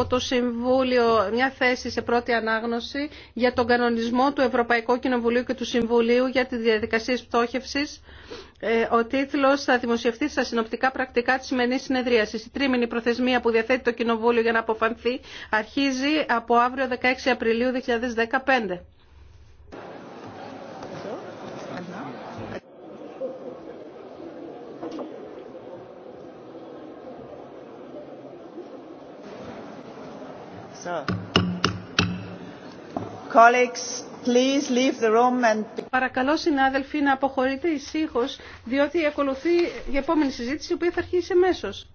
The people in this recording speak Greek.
από το Συμβούλιο μια θέση σε πρώτη ανάγνωση για τον κανονισμό του Ευρωπαϊκού Κοινοβουλίου και του Συμβουλίου για τις διαδικασίες Ε, Ο τίτλο θα δημοσιευτεί στα συνοπτικά πρακτικά της σημερινή συνεδρίασης. Η τρίμηνη προθεσμία που διαθέτει το Κοινοβούλιο για να αποφανθεί αρχίζει από αύριο 16 Απριλίου 2015. Παρακαλώ συνάδελφοι να αποχωρείτε ησύχως διότι ακολουθεί η επόμενη συζήτηση η οποία θα αρχίσει εμέσως.